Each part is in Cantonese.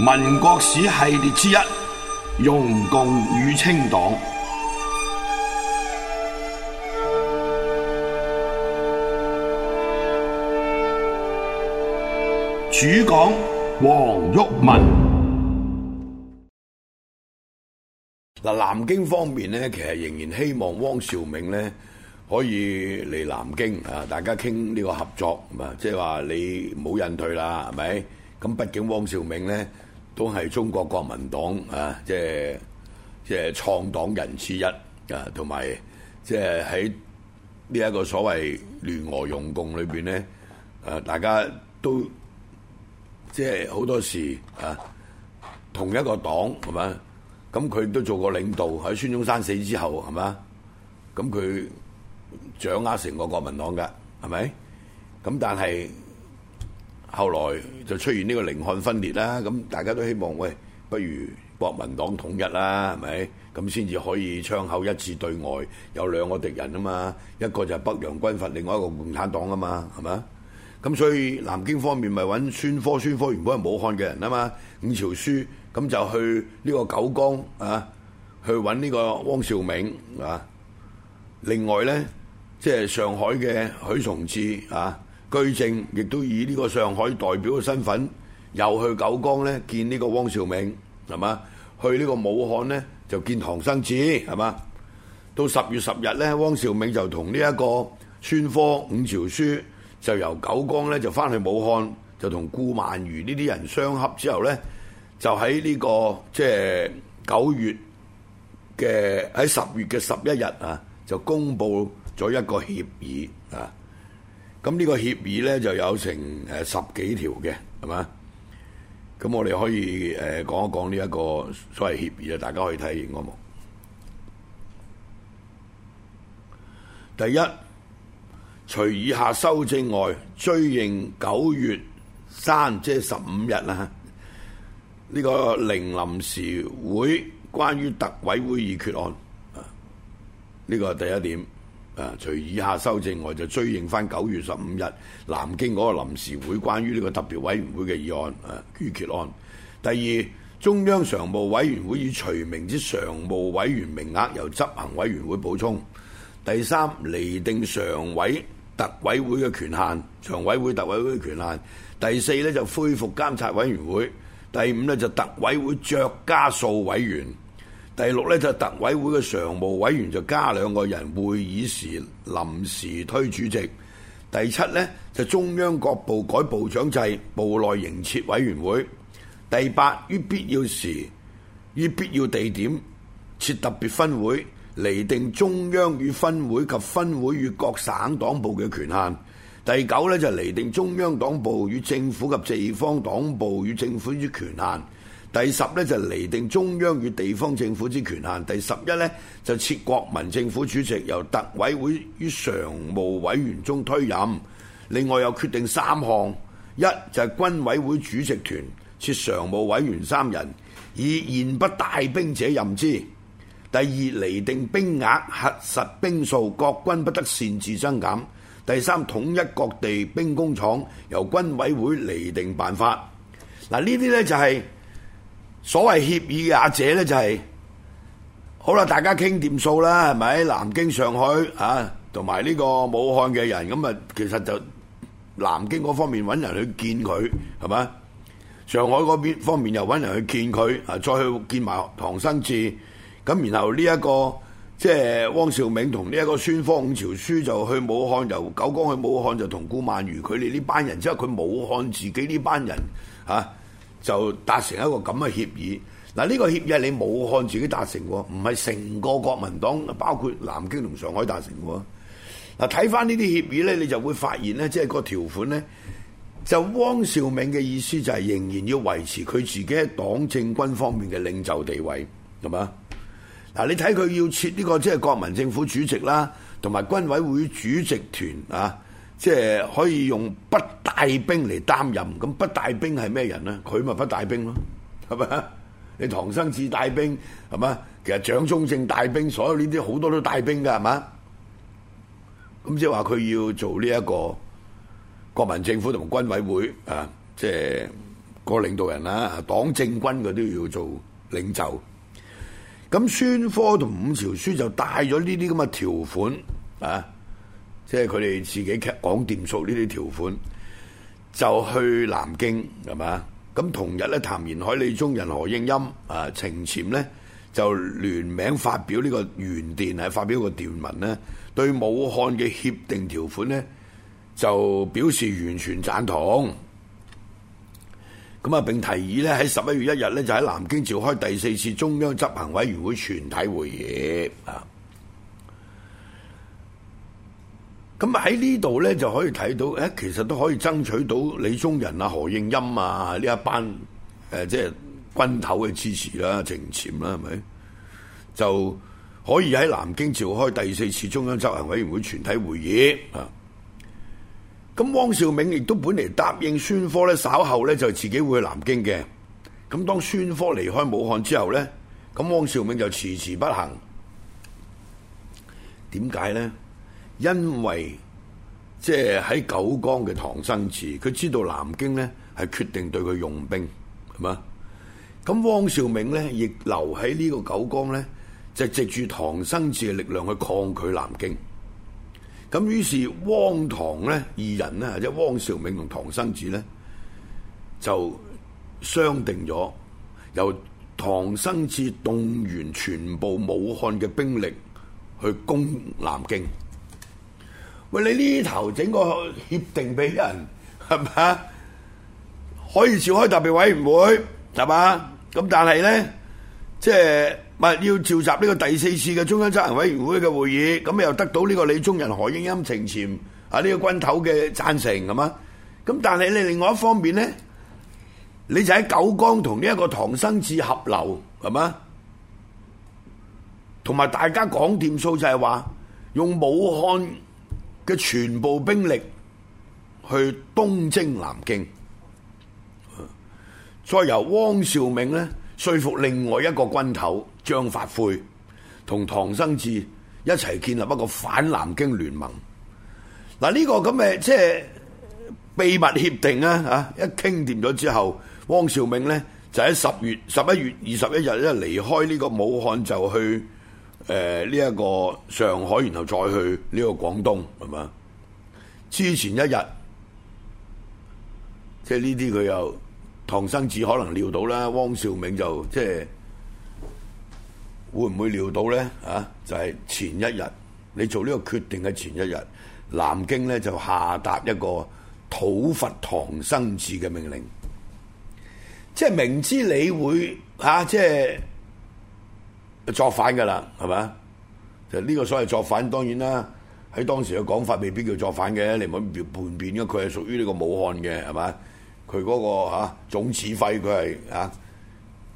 民國史系列之一，容共與清黨，主講黃毓民。嗱，南京方面咧，其實仍然希望汪兆銘咧可以嚟南京啊，大家傾呢個合作，啊，即係話你冇引退啦，係咪？咁畢竟汪兆銘咧。都係中國國民黨啊，即係即係創黨人之一啊，同埋即係喺呢一個所謂聯俄容共裏邊咧，啊，大家都即係好多時啊，同一個黨係嘛，咁佢都做過領導喺孫中山死之後係嘛，咁佢掌握成個國民黨㗎，係咪？咁但係。後來就出現呢個寧漢分裂啦，咁大家都希望喂，不如國民黨統一啦，係咪？咁先至可以槍口一致對外。有兩個敵人啊嘛，一個就係北洋軍閥，另外一個共產黨啊嘛，係咪啊？咁所以南京方面咪揾孫科，孫科原本係武漢嘅人啊嘛，伍朝樞咁就去呢個九江啊，去揾呢個汪兆銘啊。另外呢，即係上海嘅許崇智啊。居正亦都以呢個上海代表嘅身份，又去九江呢見呢個汪兆銘，係嘛？去呢個武漢呢就見唐生智，係嘛？到十月十日呢，汪兆銘就同呢一個孫科、伍朝樞就由九江呢就翻去武漢，就同顧孟餘呢啲人相合之後呢，就喺呢、這個即係九月嘅喺十月嘅十一日啊，就公佈咗一個協議啊。咁呢個協議咧就有成誒十幾條嘅，係嘛？咁我哋可以誒講一講呢一個所謂協議啊，大家可以睇應該冇。第一，除以下修正外，追認九月三即係十五日啊，呢、這個零臨時會關於特委會議決案呢、這個係第一點。誒，除以下修正外，就追認翻九月十五日南京嗰個臨時會關於呢個特別委員會嘅議案誒，議決案。第二，中央常務委員會以除名之常務委員名額由執行委員會補充。第三，釐定常委、特委會嘅權限，常委會、特委會嘅權限。第四呢就恢復監察委員會。第五呢就特委會酌加數委員。第六咧就特委會嘅常務委員就加兩個人，會議時臨時推主席。第七咧就中央各部改部長制，部內營設委員會。第八，於必要時於必要地點設特別分會，釐定中央與分會及分會與各省黨部嘅權限。第九咧就釐定中央黨部與政府及地方黨部與政府嘅權限。第十呢，就釐、是、定中央與地方政府之權限，第十一呢，就是、設國民政府主席由特委會於常務委員中推任。另外又決定三項：一就係、是、軍委會主席團設常務委員三人，以現不帶兵者任之。第二釐定兵額，核實兵數，各軍不得擅自增減。第三統一各地兵工廠，由軍委會釐定辦法。嗱，呢啲呢，就係、是。所謂協議也者咧，就係好啦，大家傾掂數啦，係咪？南京、上海啊，同埋呢個武漢嘅人，咁啊，其實就南京嗰方面揾人去見佢，係咪？上海嗰邊方面又揾人去見佢，啊，再去見埋唐生智，咁然後呢、這、一個即係、就是、汪兆銘同呢一個孫科伍朝樞就去武漢，由九江去武漢就同顧孟餘佢哋呢班人，即係佢武漢自己呢班人啊。就達成一個咁嘅協議。嗱，呢個協議係你武漢自己達成喎，唔係成個國民黨包括南京同上海達成喎。嗱，睇翻呢啲協議呢，你就會發現呢，即係個條款呢，就汪兆銘嘅意思就係仍然要維持佢自己喺黨政軍方面嘅領袖地位，係咪？嗱，你睇佢要設呢個即係國民政府主席啦，同埋軍委會主席團啊。即係可以用不帶兵嚟擔任，咁不帶兵係咩人咧？佢咪不帶兵咯，係咪？你唐生智帶兵，係咪？其實蔣中正帶兵，所有呢啲好多都帶兵噶，係咪？咁即係話佢要做呢一個國民政府同軍委會啊，即係個領導人啦，黨政軍佢都要做領袖。咁《孫科》同《伍朝書》就帶咗呢啲咁嘅條款啊。即係佢哋自己講掂數呢啲條款，就去南京係嘛？咁同日咧，譚延闓、李宗仁、何應欽、啊、呃、程潛呢，就聯名發表呢個原電，係發表個電文呢，對武漢嘅協定條款呢，就表示完全贊同。咁啊，並提議呢，喺十一月一日呢，就喺南京召開第四次中央執行委員會全體會議啊。咁喺呢度呢，就可以睇到，誒，其實都可以爭取到李宗仁啊、何應欽啊呢一班誒、呃，即係軍頭嘅支持啦、程潛啦，係咪？就可以喺南京召開第四次中央執行委員會全體會議啊！咁汪兆銘亦都本嚟答應孫科呢，稍後呢就自己會去南京嘅。咁當孫科離開武漢之後呢，咁汪兆銘就遲遲不行。點解呢？因為即係喺九江嘅唐生智，佢知道南京呢係決定對佢用兵，係嘛？咁汪兆銘呢，亦留喺呢個九江呢就藉住唐生智嘅力量去抗拒南京。咁於是汪唐呢，二人呢，或者汪兆銘同唐生智呢，就商定咗，由唐生智動員全部武漢嘅兵力去攻南京。喂，你呢頭整個協定俾人係嘛？可以召開特別委員會，係嘛？咁但係咧，即係唔係要召集呢個第四次嘅中央執行委員會嘅會議？咁又得到呢個李宗仁、何應欽、程潛啊，呢個軍頭嘅贊成係嘛？咁但係你另外一方面咧，你就喺九江同呢一個唐生智合流，係嘛？同埋大家講掂數就係話用武漢。嘅全部兵力去東征南京，再由汪兆銘咧說服另外一個軍頭張發奎同唐生智一齊建立一個反南京聯盟。嗱、啊、呢、呢個咁誒，即係秘密協定啊！啊，一傾掂咗之後，汪兆銘呢就喺十月十一月二十一日咧離開呢個武漢就去。誒，呢一、呃、這個上海，然後再去呢個廣東，係嘛？之前一日，即係呢啲佢又唐生智可能料到啦，汪兆銘就即係會唔會料到咧？啊，就係、是、前一日，你做呢個決定嘅前一日，南京咧就下達一個討伐唐生智嘅命令，即係明知你會吓、啊，即係。作反嘅啦，係咪？就呢、是、個所謂作反，當然啦。喺當時嘅講法，未必叫作反嘅。你唔好叛變嘅，佢係屬於呢個武漢嘅，係咪？佢嗰、那個嚇、啊、總指揮，佢係嚇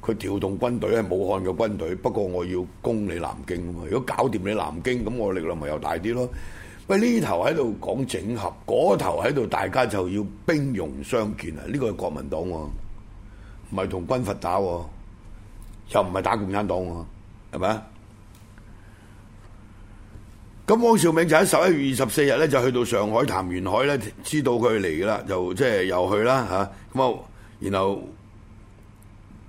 佢調動軍隊係武漢嘅軍隊。不過我要攻你南京啊！如果搞掂你南京，咁我力量咪又大啲咯？喂，呢頭喺度講整合，嗰頭喺度，大家就要兵戎相見啊！呢個係國民黨喎、啊，唔係同軍閥打喎、啊，又唔係打共產黨喎、啊。係咪？咁汪兆銘就喺十一月二十四日咧，就去到上海譚延闓咧，知道佢嚟噶啦，就即係、就是、又去啦吓。咁啊，然後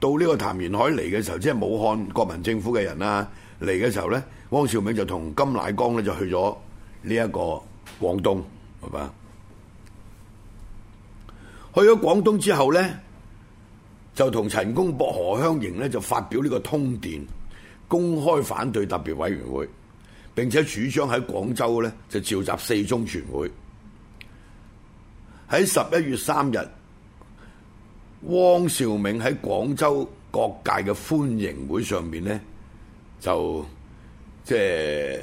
到呢個譚延闓嚟嘅時候，即係武漢國民政府嘅人啦嚟嘅時候咧，汪兆銘就同金乃光咧就去咗呢一個廣東，係咪，去咗廣東之後咧，就同陳公博、何香凝咧就發表呢個通電。公開反對特別委員會，並且主張喺廣州咧就召集四中全會。喺十一月三日，汪兆銘喺廣州各界嘅歡迎會上邊咧，就即係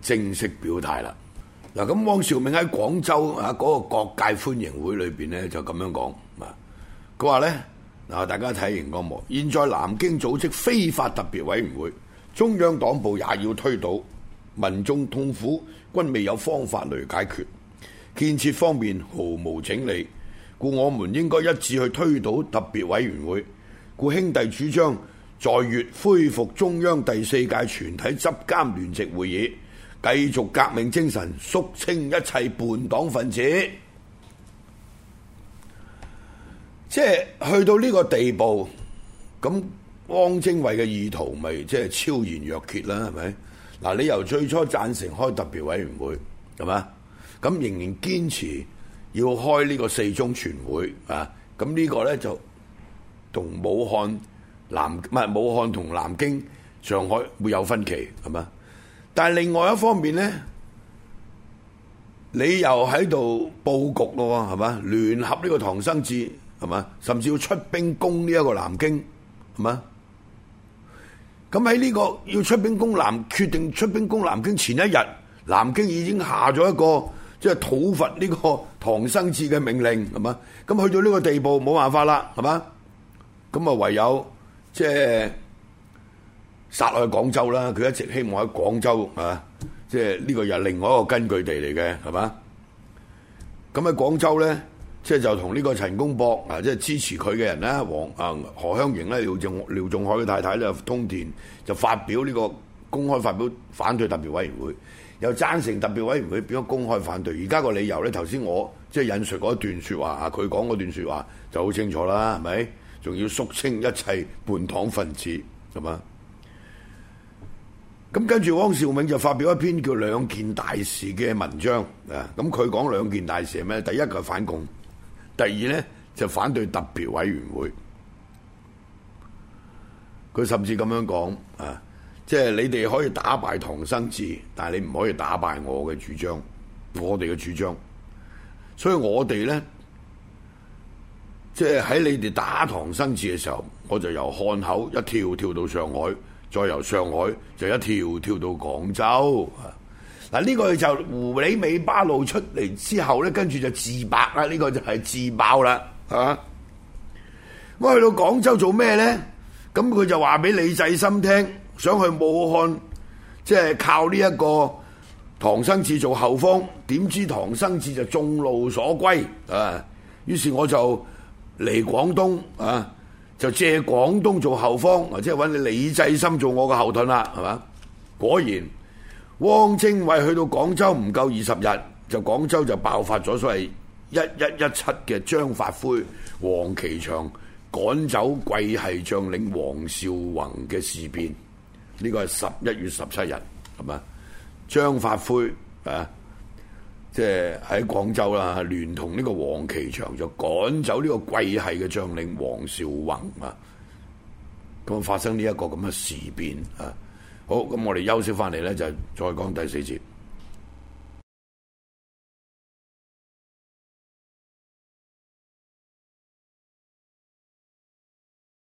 正式表態啦。嗱，咁汪兆銘喺廣州啊嗰個各界歡迎會裏邊咧就咁樣講，佢話咧。嗱，大家睇螢光幕，現在南京組織非法特別委員會，中央黨部也要推倒，民眾痛苦均未有方法嚟解決，建設方面毫無整理，故我們應該一致去推倒特別委員會。故兄弟主張在粵恢復中央第四屆全體執監聯席會議，繼續革命精神，肅清一切叛黨分子。即係去到呢個地步，咁汪精衛嘅意圖咪即係昭然若揭啦，係咪？嗱，你由最初贊成開特別委員會，係嘛？咁仍然堅持要開呢個四中全會啊？咁呢個咧就同武漢南唔係武漢同南京，上海會有分歧，係嘛？但係另外一方面咧，你又喺度布局咯，係嘛？聯合呢個唐生智。係嘛？甚至要出兵攻呢一個南京，係嘛？咁喺呢個要出兵攻南，決定出兵攻南京前一日，南京已經下咗一個即係討伐呢個唐生智嘅命令，係嘛？咁去到呢個地步，冇辦法啦，係嘛？咁啊，唯有即係殺落去廣州啦。佢一直希望喺廣州啊，即係呢個又係另外一個根據地嚟嘅，係嘛？咁喺廣州咧。即係就同呢個陳公博啊，即係支持佢嘅人咧，黃啊何香凝咧，廖仲廖仲愷嘅太太咧通電，就發表呢個公開發表反對特別委員會，又贊成特別委員會，變咗公開反對。而家個理由咧，頭先我即係引述嗰一段説話，佢講嗰段説話就好清楚啦，係咪？仲要肅清一切叛黨分子，係嘛？咁跟住汪兆銘就發表一篇叫《兩件大事》嘅文章啊，咁佢講兩件大事係咩？第一個反共。第二呢，就反對特別委員會，佢甚至咁樣講啊，即係你哋可以打敗唐生智，但係你唔可以打敗我嘅主張，我哋嘅主張。所以我哋呢，即係喺你哋打唐生智嘅時候，我就由漢口一跳跳到上海，再由上海就一跳跳到廣州嗱，呢個就狐狸尾巴露出嚟之後咧，跟住就自白啦。呢個就係自爆啦，嚇！咁去到廣州做咩咧？咁佢就話俾李濟深聽，想去武漢，即係靠呢一個唐生智做後方。點知唐生智就眾路所歸，啊！於是我就嚟廣東啊，就借廣東做後方，或者揾你李濟深做我個後盾啦，係嘛？果然。汪精衛去到廣州唔夠二十日，就廣州就爆發咗所謂一一一七嘅張發奎、黃琪翔趕走桂系將領黃紹竑嘅事變。呢個係十一月十七日，係嘛？張發奎啊，即係喺廣州啦，聯同呢個黃琪翔就趕走呢個桂系嘅將領黃紹竑啊，咁、啊、發生呢一個咁嘅事變啊。好，咁我哋休息返嚟咧，就再講第四節。